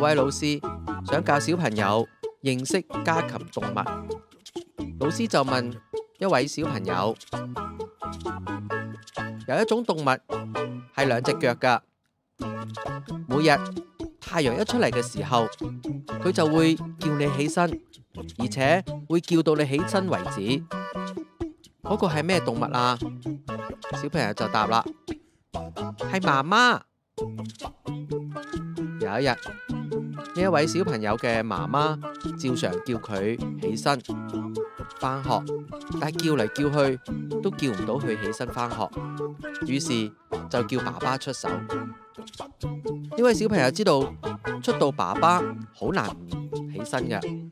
位老師想教小朋友認識家禽動物，老師就問一位小朋友：有一種動物係兩隻腳㗎，每日太陽一出嚟嘅時候，佢就會叫你起身，而且會叫到你起身為止。嗰個係咩動物啊？小朋友就答啦：係媽媽。有一日。一位小朋友嘅媽媽照常叫佢起身翻學，但係叫嚟叫去都叫唔到佢起身翻學，於是就叫爸爸出手。呢位小朋友知道出到爸爸好難起身嘅，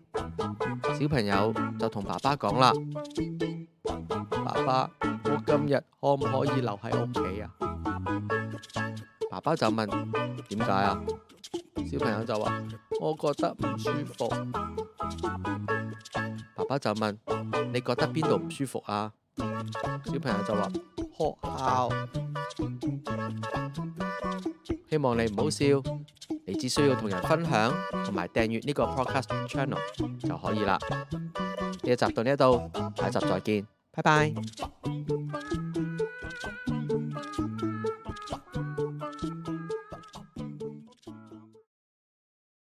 小朋友就同爸爸講啦：爸爸，我今日可唔可以留喺屋企啊？爸爸就問：點解啊？小朋友就話：我覺得唔舒服。爸爸就問：你覺得邊度唔舒服啊？小朋友就話：學校。希望你唔好笑，你只需要同人分享同埋訂閱呢個 Podcast channel 就可以啦。呢一集到呢度，下一集再見，拜拜。